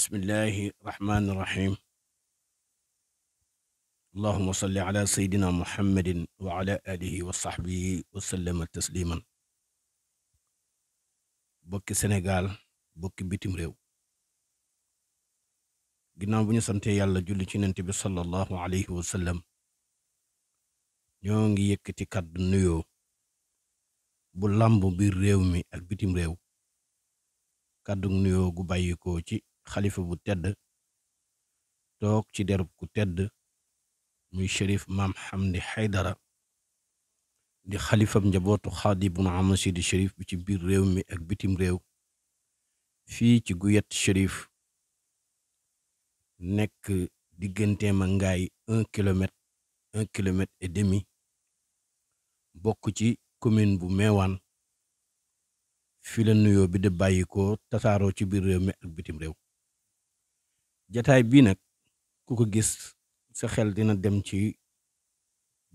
بسم الله الرحمن الرحيم اللهم صل على سيدنا محمد وعلى آله وصحبه وسلم تسليما bokki Sénégal bokki bitim réew ginnaaw bu ñu sante yàlla julli ci nent bi sallallahu alayhi wa sallam ñoo ngi yëkkati kàddu nuyoo bu làmb biir réew mi ak bitim réew kàddu nuyoo gu bàyyikoo ci khalifa bu tedd tok ci derb ku tedd muy shérif mam Hamdi Haydara di khalifa njabotu khadi bu nu am sidi shérif bi ci bir rew mi ak bitim rew fi ci guyet shérif nek digganteem ma ngay 1 km 1 km et demi bok ci commune bu mewan fi la nuyo bi de bayiko ko ci bir rew mi ak bitim rew jataay bi nak ku ko gis sa xel dina dem ci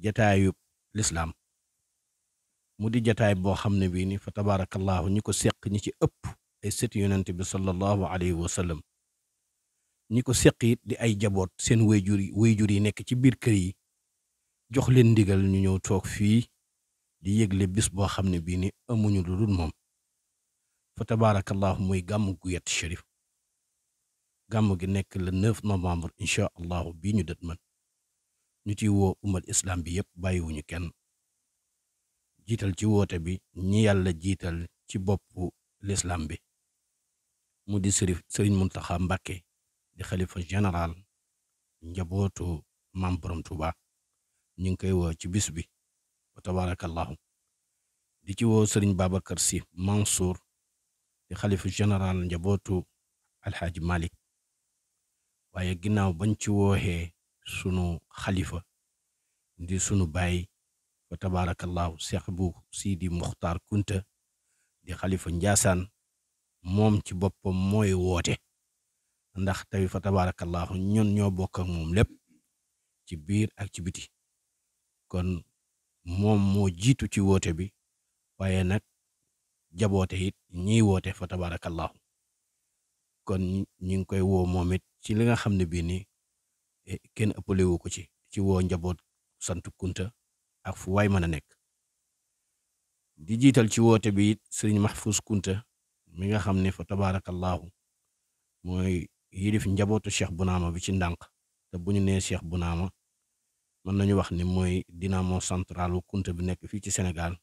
jataayu l'islam mu di jataay boo xam ne ni fa tabarakallah ñi ko seq ñi ci ëpp ay set yonent bi sallallahu alayhi wa sallam ñi ko di ay jabot seen wayjuri wayjuri nek ci bir kër yi jox leen ndigal ñu ñëw tok fi di yëgle bis bo xamne bi ni amuñu dul fa tabarakallah muy gàmm gu yett gamu gi nek le 9 novembre insha allah bi ñu dët man ñu ci wo umal islam bi yëpp wuñu kenn jital ci wote bi ñi yàlla jital ci bop l'islam bi mu di sëri sëriñ Muntaxa Mbàkke di khalifa général njabotu mam borom touba ñi ngi koy wo ci bis bi wa di ci wo sëriñ babakar Si Mansour di khalifa général njabotu الحاج مالك waaye ginnaaw bañ ci wooxee sunu xalifa di sunu baay fa tabaarakallaahu seex bu siidi muxtaar kunta di xalifa njaasaan moom ci boppam mooy woote ndax tey fa tabaarakallaahu ñun ñoo bokk moom lépp ci biir ak ci biti kon moom moo jiitu ci woote bi waaye nag jaboote it ñiy woote fa tabaarakallaahu kon ñi koy woo moom it ci li nga xam ne bii nii e, kenn ëppale wu ko ci ci woo njaboot sant kunta ak fu waay mën a nekk di jiital ci woote bi it sëriñ Mahfous Kunta mi nga xam ne fa tabaarakallaahu mooy yilif njabootu cheikh Bunaama bi ci ndànk te bu ñu nee cheikh Bunaama mën nañu wax ni mooy dynamo centralu kunta bi nekk fii ci Sénégal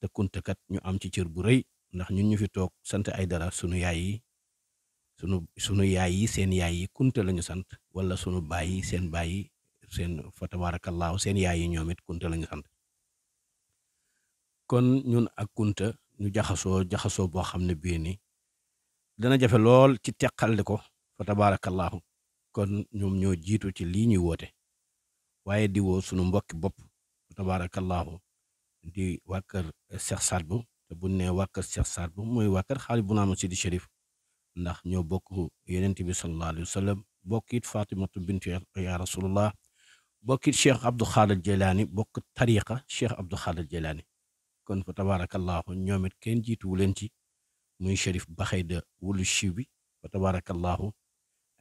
te kunta kat ñu am ci cër bu rëy ndax ñun ñu fi toog sant ay dara sunu yaay yi sunu sunu yaay yi seen yaay yi kunta lañu sant wala sunu baay yi seen baay yi seen fa tabaarakallaahu seen yaay yi ñoom it kunta lañu sant kon ñun ak kunta ñu jaxasoo jaxasoo boo xam ne bii ni dana jafe lool ci teqalli ko fa tabaarakallaahu kon ñoom ñoo jiitu ci lii ñuy woote waaye di woo sunu mbokki bopp fa tabaarakallaahu di waa kër Cheikh Saad Bou te bu nee waa kër Cheikh mooy waa kër xaalis bu naa ma Sidi Chérif ndax ñoo bokk yenent bi sallallahu alayhi wa sallam bokkit fatimatu bint ya rasulullah bokkit cheikh abdou khalid jelaani bokk tariqa cheikh abdou khalid jelaani kon fa tabarakallahu ñoom it kenn jiituwu leen ci muy shérif baxayda wulu shibi bi fa tabarakallahu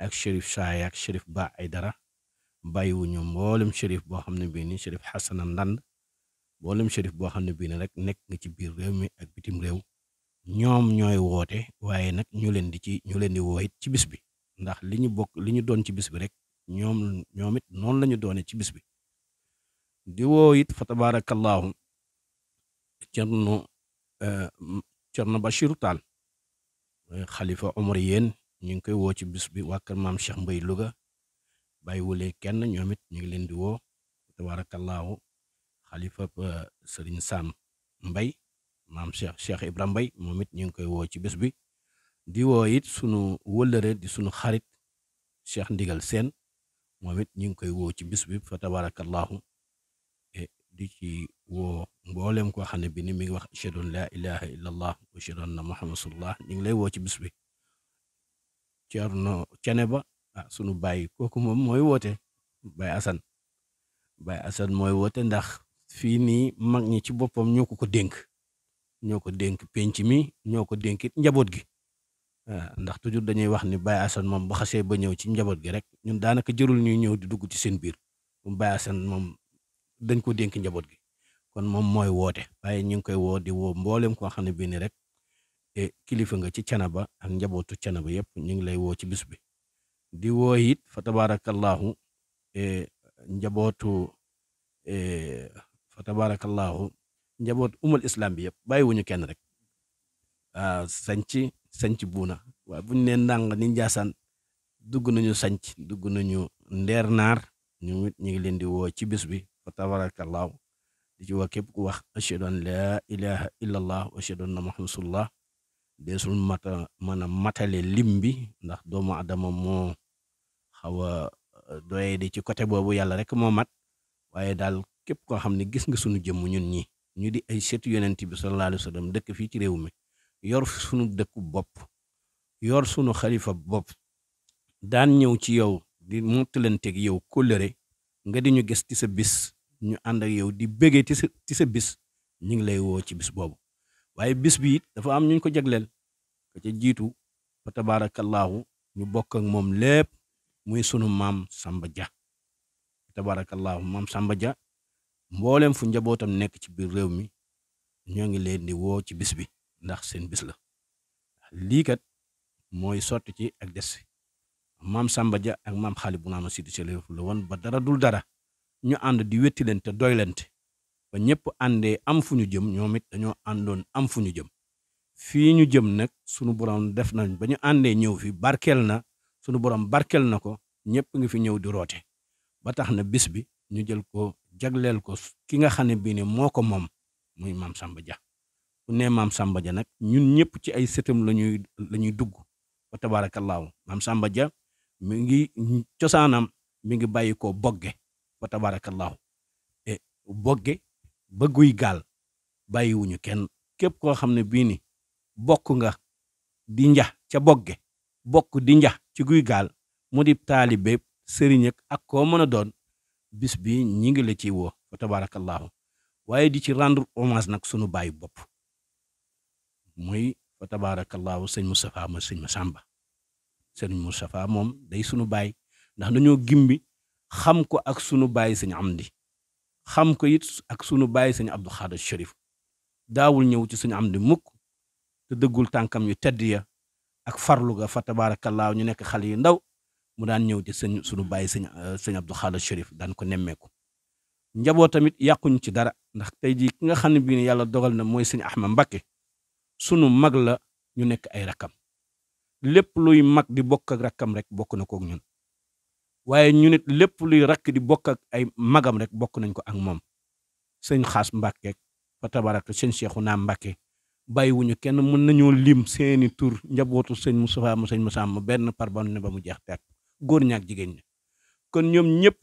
ak shérif saaya ak shérif ba ay dara bàyyiwuñu mboolem shérif boo xam ne ni shérif hasan ndand mboolem shérif bo xamne bi ni rek nek nga ci bir réew mi ak bitim réew ñoom ñooy woote waaye nag ñu leen di ci ñu leen di woo ci bis bi ndax li ñu bokk li ñu doon ci bis bi rek ñoom ñoom it noonu la doone ci bis bi di woo it fa tabaarakallaahu cerno eh, cerno Bachirou Tall eh, xalifa omar yéen ñu ngi koy woo ci bis bi waa kër maam Cheikh Mbay Louga bàyyiwule kenn ñoom it ñu ngi leen di woo fa tabaarakallaahu xalifa eh, sëriñ Sam Mbay maam Cheikh Cheikh Ibrahima Mbaye moom it ñu ngi koy woo ci bés bi di woo it sunu wëllëre di sunu xarit Cheikh Ndigal seen moom it ñu ngi koy woo ci bis bi fa tabarakallahu e di ci woo mboolem koo xam ne bi ni mi wax ashhadu an laa ilaha illa allah wa ashhadu anna muhammad rasulullah ñu ngi lay woo ci bis Cene ba ah, sunu bàyyi kooku moom mooy woote Baye Asan Baye Asan mooy woote ndax fii nii mag ñi ci boppam ñoo ko ko dénk ñoo ko dénk penc mi ñoo ko dénk njaboot gi waaw ndax toujours dañoy wax ni Baye Assane moom bu xasee ba ñëw ci njaboot gi rek ñun daanaka jërul ñuy ñëw di dugg ci seen biir moom Baye moom dañ ko dénk njaboot gi kon moom mooy woote waaye ñu ngi koy woo di woo mboolem koo xam ne bii rek eh, kilifa nga ci canaba ak njabootu canaba yëpp ñu ngi lay woo ci bis bi di woo it fa tabaarakallaahu eh, njabootu eh, fa tabaarakallaahu njaboot umal islam bi yëpp bàyyiwuñu kenn rek waaw sanc sanc buuna waa bu ñu nee ndàng ni njaasaan dugg nañu sanc dugg nañu nder naar ñu ñu ngi leen di woo ci bis bi fa tabarakallahu di ci wax képp ku wax ashhadu an laa ilaha illallah wa ashhadu anna muhammad rasulullah deesul mata mën matale lim bi ndax doomu adama moo xaw a euh, doye di ci côté boobu yàlla rek moo mat waaye daal képp koo xam ne gis nga sunu jëmm ñun ñi ñu di ay set yonent bi sallallahu alayhi wa dëkk fii ci réew mi yor sunu dëkku bopp yor sunu xalifa bopp daan ñëw ci yow di mottalanteeg yow kóllëre nga di ñu gis ci sa bis ñu ànd ak yow di bëggee ti sa ci sa bis ñu ngi lay woo ci bis boobu waaye bis bi it dafa am ñu ko jagleel ka ca jiitu fa tabaarakallaahu ñu bokk ak moom lépp muy sunu maam Samba Dia tabaarakallaahu maam Samba Dia mboolem fu njabootam nekk ci biir réew mi ñoo ngi leen di woo ci bis bi ndax seen bis la lii kat mooy sotti ci ak des maam sàmba Dia ak maam xaali bu naan Sidi Sele la woon ba dara dul dara ñu ànd di wetti leen te doy ba ñépp àndee am fu ñu jëm ñoom it dañoo àndoon am fu ñu jëm fii ñu jëm nag sunu borom def na ba ñu àndee ñëw fi barkeel na sunu borom barkeel na ko ñëpp ngi fi ñëw di roote ba tax na bis bi ñu jël ko. jagleel ko ki nga xam ne bii ne moo ko moom muy maam sambaja Dia maam Samba Dia nag ñun ñëpp ci ay sëtam lañuy ñuy la ñuy dugg wa tabaarakallaahu maam Samba mi ngi cosaanam mi ngi bàyyi ko bogge wa tabaarakallaahu e bogge ba guy gaal bàyyiwuñu kenn képp koo xam ne bii ni bokk nga di njax ca bogge bokk di njax ci guy gaal mu di taalibe sëriñ ak koo mën a doon bis bi ñi ngi la ciy woo fa tabaarakallaahu waaye di ci rendre hommage nag sunu bàyyi bopp muy fa tabaarakallaahu sëñ Moustapha ma sëñ Massamba sëñ moom day sunu baay ndax dañoo gimbi xam ko ak sunu baay sëñ Amdi xam ko it ak sunu baay sëñ Abdou Khader Chérif daawul ñëw ci sëñ Amdi mukk te dëggul tànkam yu tedd ya ak farlu ga fa tabaarakallaahu ñu nekk xal yu ndaw mu daan ñëw di sëñ suñu bàyyi sëñ euh, sëñ Abdou Xaala Chérif daan ko nemmeeku njaboot tamit yàquñ ci dara ndax tey jii ki nga xam ne bii yàlla dogal na mooy sëñ Ahmad Mbakke sunu mag la ñu nekk ay rakkam lépp luy mag di bokk ak rakkam rek bokk na kook ñun waaye ñu nit lépp luy rakk di bokk ak ay magam rek bokk nañ ko ak moom sëñ Xaas Mbakke fa tabaratu sëñ Seexuna Mbakke bàyyiwuñu kenn mun na nañoo lim seeni tur njabootu sëñ Moustapha mu sëñ Moussa benn par benn ba mu jeex teg góor ñaak jigen ña kon ñoom ñëpp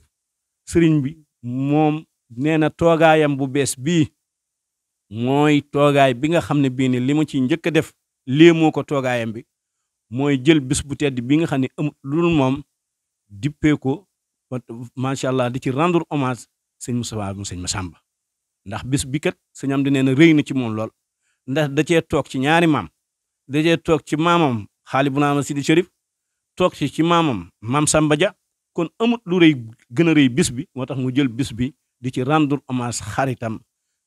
sëriñ bi mom nee na toogaayam bu bes bi nga xam ne ni bini limo ci njëkk a def ko bi moi jil bis bu tedd bi nga xam ne lul moom dippee ko allah di ci rendre hommage musa ba mu sin Massamba ndax bis bi kat señam am di nee na ci mom lol ndax da ci tok ci ñaari mam da ci tok ci mamam khalibuna Sidi Chérif tok ci ci mamam mam Samba kon amut lu reuy gëna reuy bis bi motax mu jël bis bi di ci rendre hommage xaritam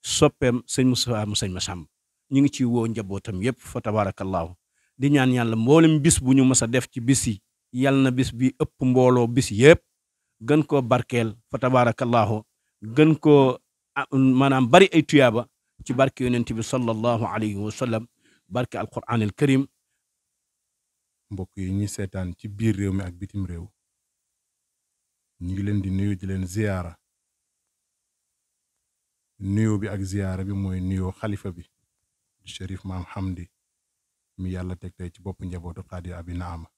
sopem seigne Moustapha mu seigne massam ñi ngi ci wo njabotam yépp fa tabarakallah di ñaan yalla mbolim bis bu ñu mësa def ci bis yi bis bi ëpp mbolo bis yépp gën ko barkel fa tabarakallah gën ko ah, manam bari ay tuyaba ci barke yonent bi sallallahu alayhi wa sallam barke alquran al karim mbokk yi ñuy seetaan ci biir réew mi ak bitim réew ñu ngi leen di nuyu di leen ziyaara nuyo bi ak ziyaara bi mooy nuyoo xalifa bi Cherif Maam Hamdi mi yàlla teg tey ci boppu njabootu Xaadir Abi Naama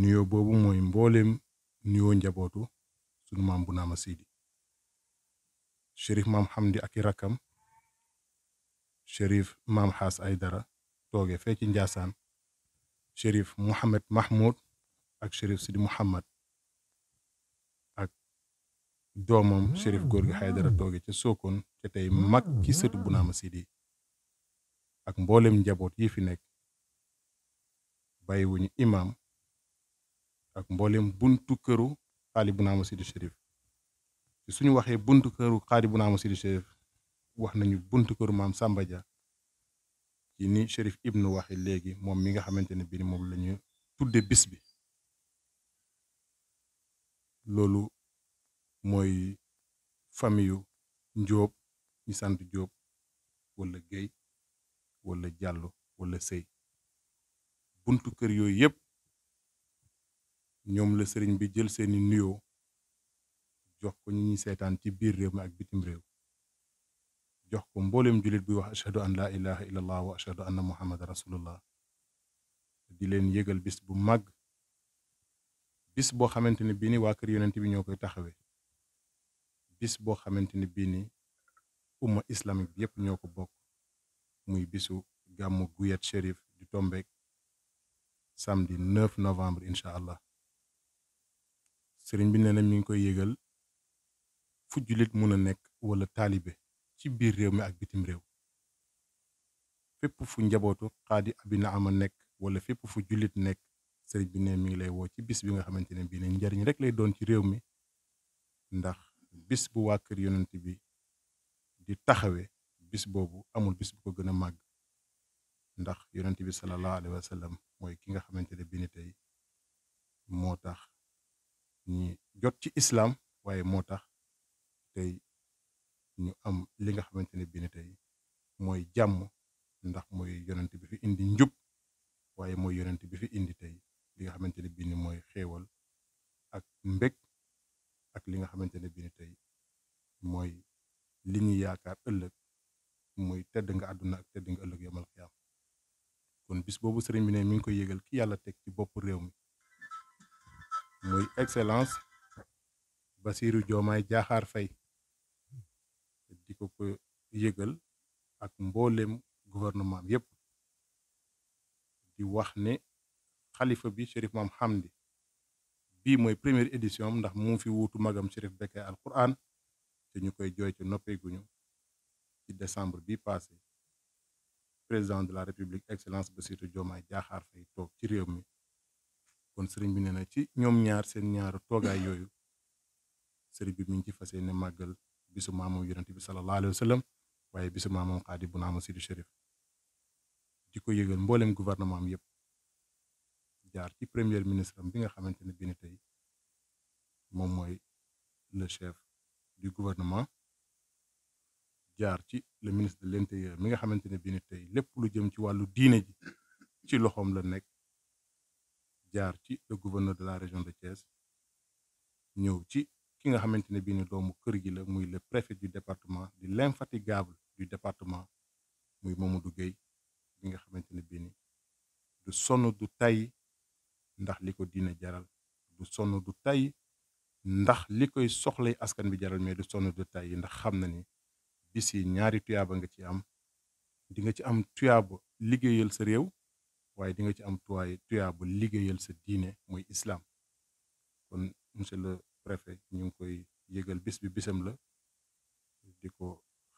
nuyo boobu mooy mbooleem nuyoo njabootu sunu maam bu naama Sidi Cherif Maam Hamdi ak i rakkam Maam Xaas Aydara toogee fee ci Njaasaan Chérif Mouhamed Mahmoud ak Chérif Sidi Mouhamed ak doomam Chérif Gorgui Haydara tooge ca Sokone ca tey mag ki sëtu Bounama Sidi ak mboolem njaboot yi fi nekk bàyyiwuñu imaam ak mboolem buntu këru xaali Bounama Sidi Chérif suñu waxee buntu këru xaali Bounama Sidi Chérif wax nañu buntu këru maam Samba ci ni Cherif Ibn waxe léegi moom mi nga xamante ne bii moom la ñu tudde bis bi loolu mooy famiyu Njóob ñu sant Njóob wala Géy wala Jàllo wala Sëy buntu kër yooyu yépp ñoom la sëriñ bi jël seeni nuyoo jox ko ñu seetaan ci biir réew mi ak bitim réew jox ko mboolem jullit buy wax ashhadu an laa ilaha illallah wa ashhadu anna muhammad rasulullah di leen yëgal bis bu mag bis boo xamante ne bii ni waa kër yonent bi ñoo koy bis boo xamante ne ni umma islamique bi yépp ñoo ko muy bisu gàmmu Guyet Chérif di tombeek samedi 9 novembre inshallah allah sëriñ bi nee na mi ngi koy yëgal fu jullit mun a wala taalibe ci biir réew mi ak bitim réew fépp fu njabootu xaadi abina am a nekk wala fépp fu jullit nekk sëriñ bi ne mi ngi lay woo ci bis bi nga xamante ne bii ne njariñ rek lay doon ci réew mi ndax bis bu waa kër yonent bi di taxawe bis boobu amul bis bu ko gën a màgg ndax yonent bi sallallahu alayhi wa mooy ki nga xamante ne bii ni tey moo tax ñi jot ci islaam waaye moo tax tey ñu am li nga xamante ne bii tey mooy jàmm ndax mooy yonent bi fi indi njub waaye mooy yonent bi fi indi tey li nga xamanteni ne bii ni mooy xéewal ak mbég ak li nga xamanteni ne bii ni tey mooy li ñu yaakaar ëllëg muy tedd nga àdduna ak tedd nga ëllëg yamal xiyam kon bis boobu sëriñ bi ne mi ngi koy yëgal ki yàlla teg ci bopp réew mi muy excellence basiru Diomaye Diakhar fay ko ko yëgal ak mbooleem gouvernement yépp di wax ne xalifa bi Chérif Maam xamdi bii mooy première édition ndax mu fi wuutu magam Chérif Bécaye Al Quran te ñu koy jooy ca noppeeguñu ci décembre bi passé président de la république excellence Bassirou Diomaye Diakhar fay toog ci réew mi kon sëriñ bi nee na ci ñoom ñaar seen ñaaru toogaay yooyu sëriñ bi mi ngi ci fas yéene màggal bisu maamam yonent bi sallallahu alayhi wa waaye bisu maamam xaadi bu naama Sidi Chérif di ko yëgal mbooleem gouvernement am yëpp jaar ci première ministre am bi nga xamante ne bi ni tey moom mooy le chef du gouvernement jaar ci le ministre de l'intérieur mi nga xamante ne bi ni tey lépp lu jëm ci wàllu diine ji ci loxoom la nekk jaar ci le gouverneur de la région de Thiès ñëw ci ki nga xamante ne bii ni doomu kër gi la muy le préfet du département di fatigable du département muy Mamadou Gueye bi nga xamante ne bii ni du sonn du tay ndax li ko diina jaral du sonn du tay ndax li koy soxlay askan bi jaral mais du sonn du tay ndax xam na ni bis yi ñaari tuyaaba nga ci am dinga ci am tuyaaba liggéeyal sa réew waaye di nga ci am tuwaay tuyaaba liggéeyal sa diine mooy islaam kon monsieur le préfet ñu ngi koy yëgal bis bi bisam la di ko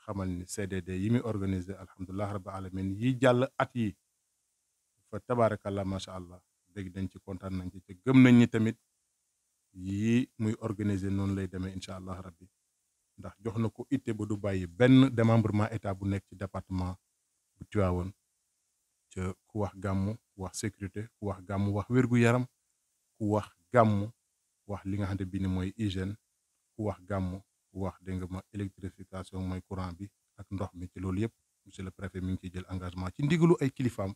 xamal ni CDD yi muy organiser alhamdulilah rabbi alamin yi jàll at yi fa tabaarakallah macha allah dégg nañ ci kontaan nañ ci te gëm nañ ni tamit yi muy organiser noonu lay demee incha allah rabbi ndax jox na ko itte ba du bàyyi benn démembrement état bu nekk ci département bu Tivaouane ca ku wax gàmmu wax sécurité ku wax gàmmu wax wér-gu-yaram ku wax gàmmu wax li nga xamante bi ni mooy hygiène wax gàmmu wax dégg nga ma électrification mooy courant bi ak ndox mi ci loolu yëpp monsieur le préfet mi ngi ciy jël engagement ci ndigalu ay kilifaam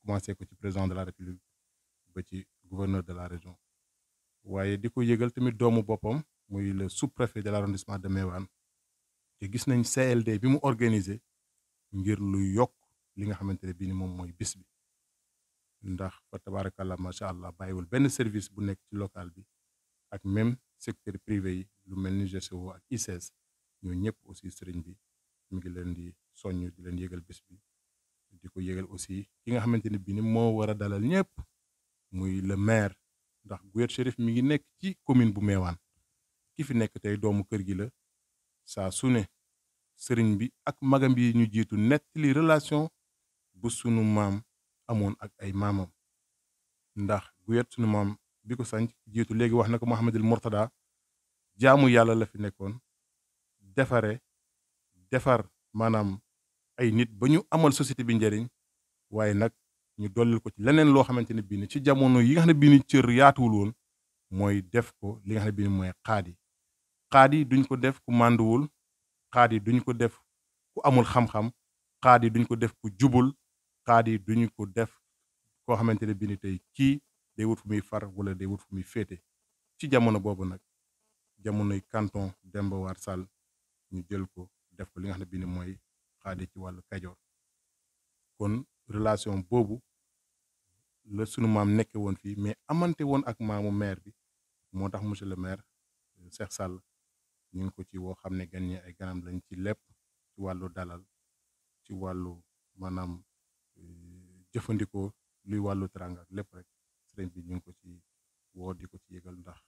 commencé ko ci président de la république ba ci gouverneur de la région waaye di ko yëgal tamit doomu boppam muy le sous-préfet de l'arrondissement de Méouane te gis nañ CLD bi mu organiser ngir lu yokk li nga xamante ne bii ni moom mooy bis bi ndax fa tabarakallah macha allah bàyyiwul benn service bu nekk ci local bi ak même secteur privé yi lu melni nous ak e aussi sëriñ bi mi ngi leen di di leen bi aussi ki nga xamante ni moo war dalal le maire ndax Chérif mi ngi nekk ci commune bu Meewaan ki nekk tey doomu kër gi la saa su ne bi ak magam bi ñu relation bu sunu maam amoon ak ay ndax sunu bi ko sanc jiitu léegi wax na ko Mouhamadul Mourtada jaamu yàlla la fi nekkoon defare defar maanaam ay nit ba ñu amal société bi njëriñ waaye nag ñu dollil ko ci leneen loo xamante ne bii ci jamono yi nga xam ne bii ni cër yaatuwul woon mooy def ko li nga xam ne bii mooy xaadi xaadi duñ ko def ku mànduwul xaadi duñ ko def ku amul xam-xam xaadi duñ ko def ku jubul xaadi ñu ko def koo xamante ne bii tey kii day wut fu muy far wala de wut fu muy féete ci jamono boobu nag jamonoy kanton Demba War Sall ñu jël ko def ko li nga xam ne bii mooy xaade ci wàllu Kajoor kon relation boobu la sunu maam nekke woon fii mais amante woon ak maamu maire bi moo tax monsieur le maire euh, Cheikh Sall ñu ngi ko ci woo xam ne gan ñi ay ganam lañ ci lépp ci wàllu dalal ci wàllu maanaam euh, jëfandikoo luy wàllu teraanga ak lépp rek sëriñ bi ñu ngi ko ci woo di ko ci yëgal ndax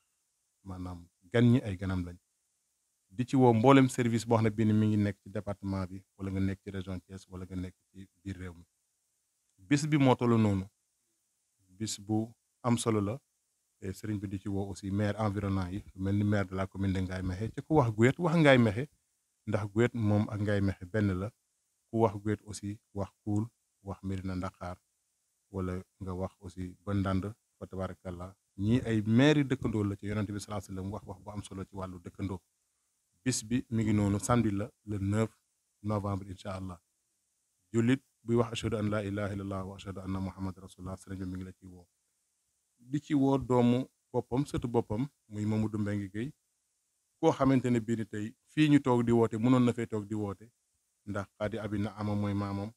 maanaam gan ñi ay ganam lañ di ci woo mboolem service boo xam ne bii mi ngi nekk ci département bi wala nga nekk ci région Thiès wala nga nekk ci biir réew mi bis bi moo toll noonu bis bu am solo la e seriñ bi di ci woo aussi maire environnement yi mel ni maire de la commune de ngay Mékhé ci ku wax Gouye wax ngay Mékhé ndax Gouye moom ak ngay Mékhé benn la ku wax Gouye aussi wax Koul wax Mérina Dakhar wala nga wax aussi ba ndànd fa tabarakallah ñii ay maire dëkkandoo la ci yonente bi salaa sallam wax wax bu am solo ci wàllu dëkkandoo bis bi mi ngi noonu samedi la le 9 novembre incha allah jullit buy wax ashhadu an laa ilaha illallah wa ashhadu anna muhammad rasulullah sëriñ bi mi ngi la ciy woo di ci woo doomu boppam sëtu boppam muy Mamadou Mbengue Guèye koo xamante ne bii ni tey fii ñu toog di woote mënoon na fee toog di woote ndax xaadi abi na ama mooy maamam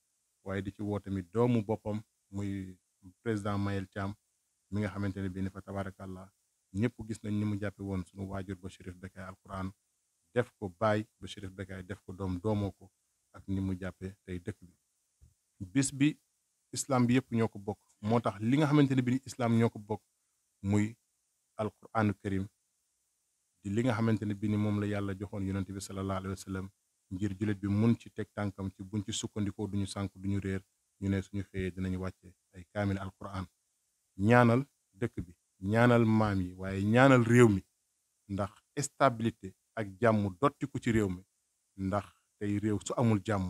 waaye di ci woo tamit doomu boppam muy président Mayel Thiam mi nga xamante ne bii ni fa tabarakallah ñëpp gis nañ ni mu jàppe woon suñu waajur ba Chérif Bécaye alquran def ko baay ba Chérif Bécaye def ko doom doomoo ko ak ni mu jàppe tey dëkk bi bis bi islam bi yëpp ñoo ko bokk moo tax li nga xamante ne bi islam ñoo ko bokk muy alquranu karim di li nga xamante ne bi ni moom la yàlla joxoon yonent bi sallallahu alayhi wa sallam ngir jullit bi mun ci teg tànkam ci buñ ci sukkandikoo duñu sànk duñu réer ñu ne suñu xëyee dinañu wàcce ay kaamil alquran ñaanal dëkk bi ñaanal maam yi waaye ñaanal réew mi ndax stabilité ak jàmm dottiku ci réew mi ndax tey réew su amul jàmm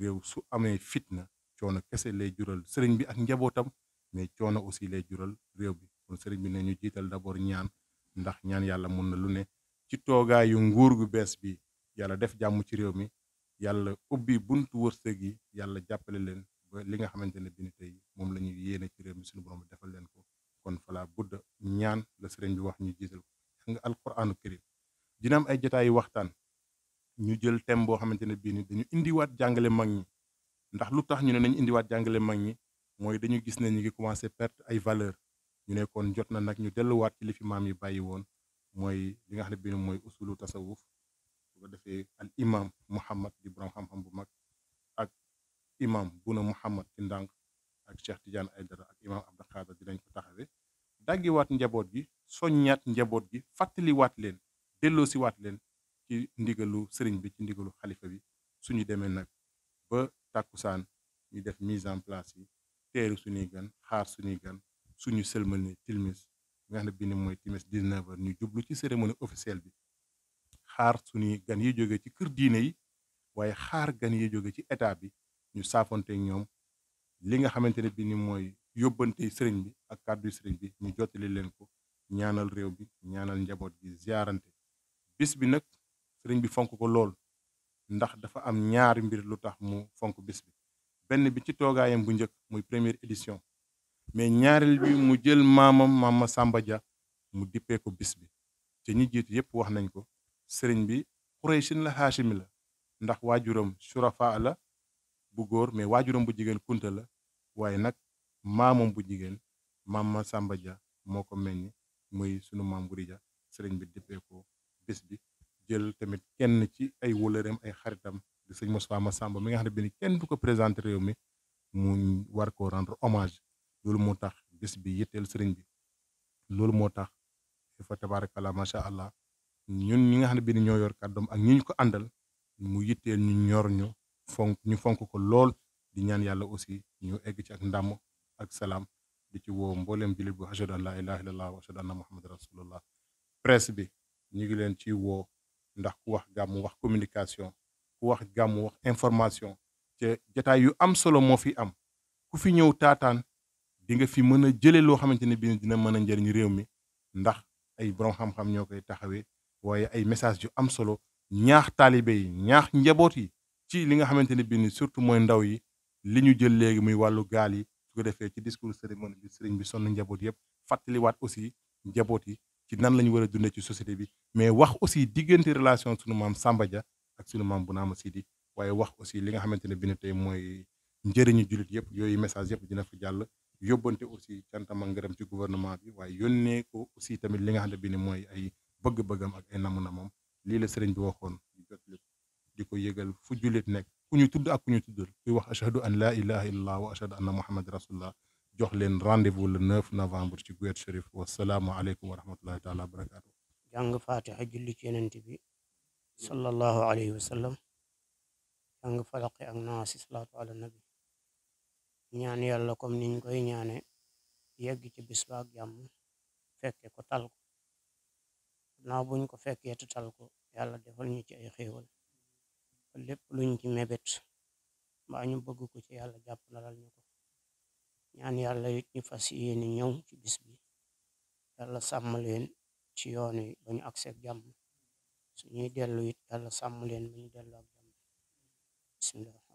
réew su amee fitna coono kese lay jural sëriñ bi ak njabootam mais coono aussi lay jural réew bi kon sëriñ bi ne ñu jiital d'abord ñaan ndax ñaan yàlla mun na lu ne ci toogaayu nguur gu bees bi yàlla def jàmm ci réew mi yàlla ubbi buntu wërsëg yi yàlla jàppale leen ba li nga xamante ne bi ni tey moom la ñu yéene ci réew mi suñu borom defal leen ko kon fala budda ñaan la sëriñ bi wax ñu jiital ko jàng alquraanu karim dina am ay jotaayu waxtaan ñu jël thème boo xamante ne bii ni dañu indiwaat jàngale mag ñi ndax lu tax ñu ne nañ indiwaat jàngale mag ñi mooy dañu gis ne ñu ngi commencé perte ay valeur ñu ne kon jot na nag ñu delluwaat ci li fi maam yi bàyyi woon mooy li nga xam ne bii mooy usulu tasawuf bu ko defee al imam muhammad di borom xam-xam bu mag imam Buna Muhammad ci ndànk ak Cheikh ay dara ak imam Abdou Khader dinañ ko taxawe daggiwaat njaboot gi soññaat njaboot gi fàttaliwaat leen delloosiwaat leen ci ndigalu sëriñ bi ci ndigalu xalifa bi suñu demee nag ba tàkkusaan ñu def mise en place yi teeru suñuy gan xaar suñuy gan suñu sëlmal ne tilmis nga xam ne bii mooy timis 19 ñu jublu ci cérémonie officielle bi xaar suñuy gan yi jóge ci kër diine yi waaye xaar gan yi jóge ci état bi ñu saafonte ñoom li nga xamante ne bi ni mooy yóbbante sëriñ bi ak kàddu sëriñ bi ñu jottali leen ko ñaanal réew bi ñaanal njaboot gi ziarante bis bi nag sëriñ bi fonk ko lool ndax dafa am ñaari mbir lu tax mu fonk bis bi benn bi ci toogaayam bu njëkk muy première édition mais ñaareel bi mu jël maamam maama Samba Dia mu dippee ko bis bi te ñi jiitu yépp wax nañ ko sëriñ bi Quraysin la Haashimi la ndax waajuram surafa la bu góor mais waajuram bu jigéen kunta la waaye nag maamam bu jigéen maam ma Samba Dia moo ko mel meññ muy sunu maam Buri ja sëriñ bi dippee ko bés bi jël tamit kenn ci ay wëlëreem ay xaritam di sëñ Moussa ma Samba mi nga xam ne benn kenn du ko présenté réew mi mu war ko rendre hommage loolu moo tax bés bi yitteel sëriñ bi loolu moo tax fa tabarakallah macha allah ñun ñi nga xam ne bi ñoo yor kàddoom ak ñi ñu ko àndal mu yitteel ñu ñor ñu fonk ñu fonk ko lool di ñaan yàlla aussi ñu egg ci ak ndàmm ak salaam di ci woo mbooleem jullit bu ashadu an laa ilaha illallah wa ashadu anna muhammad rasulullah presse bi ñu ngi leen ciy woo ndax ku wax gàmm wax communication ku wax gàmm wax information te jataay yu am solo moo fi am ku fi ñëw taataan di nga fi mën a jëlee loo xamante ne bii dina mën a njëriñ réew mi ndax ay borom xam-xam ñoo koy taxawee waaye ay message yu am solo ñaax taalibe yi ñaax njaboot yi ci li nga xamante ne bii surtout mooy ndaw yi li ñu jël léegi muy wàllu gaal yi su ko defee ci discours cérémonie bi sëriñ bi sonn njaboot yëpp fàttaliwaat aussi njaboot yi ci nan lañu ñu war a dundee ci société bi mais wax aussi diggante relation sunu maam Samba ja ak sunu maam Bounama Sidi waaye wax aussi li nga xamante ne bii nii tey mooy njëriñu jullit yëpp yooyu message yëpp dina fa jàll yóbbante aussi cantama ngërëm ci gouvernement bi waaye yónnee ko aussi tamit li nga xam ne bii nii mooy ay bëgg-bëggam ak ay namu-namam lii la sëriñ bi waxoon di ko yëgal fu jullit nekk ku ñu tudd ak ku ñu tuddul kuy wax ashhadu an laa ilaha illallah wa ashhadu anna muhammad rasulullah jox leen rendez-vous le 9 novembre ci Guet Chérif wasalaamu aleykum wa rahmatullahi taala wa barakatuh jàng fatiha julli ci yenent bi sallallahu alayhi wa sallam jàng falaqi ak naasi salaatu ala nabi ñaan yàlla comme niñ koy ñaane yegg ci bis ba ak jàmm fekke ko tal ko naaw buñ ko fekkee te tal ko yàlla defal ñu ci ay xéewal lépp luñ ci mebet mbaa ñu bëgg ko ci yàlla jàpp nalal ñu ko ñaan yàlla it ñu fas yéene ñëw ci bis bi yàlla sàmm ci yoon wi ba ñu jàmm suñuy dellu it yàlla sàmm leen ba ñu dellu ak jàmm